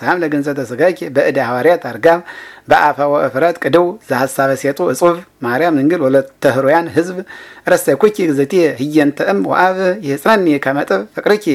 ሰላም ለገንዘብ ተዘጋጅ በእደ ሐዋርያት አርጋ በአፈ ወእፍረት ቅድው ዘሐሳበ ሴጡ እጹብ ማርያም ድንግል ወለተ ህሩያን ህዝብ ረሰኩኪ እግዝእትየ ህየንተ እም ወአብ ይሕፅረኒ ከመጥብ እጥብ ፍቅርኪ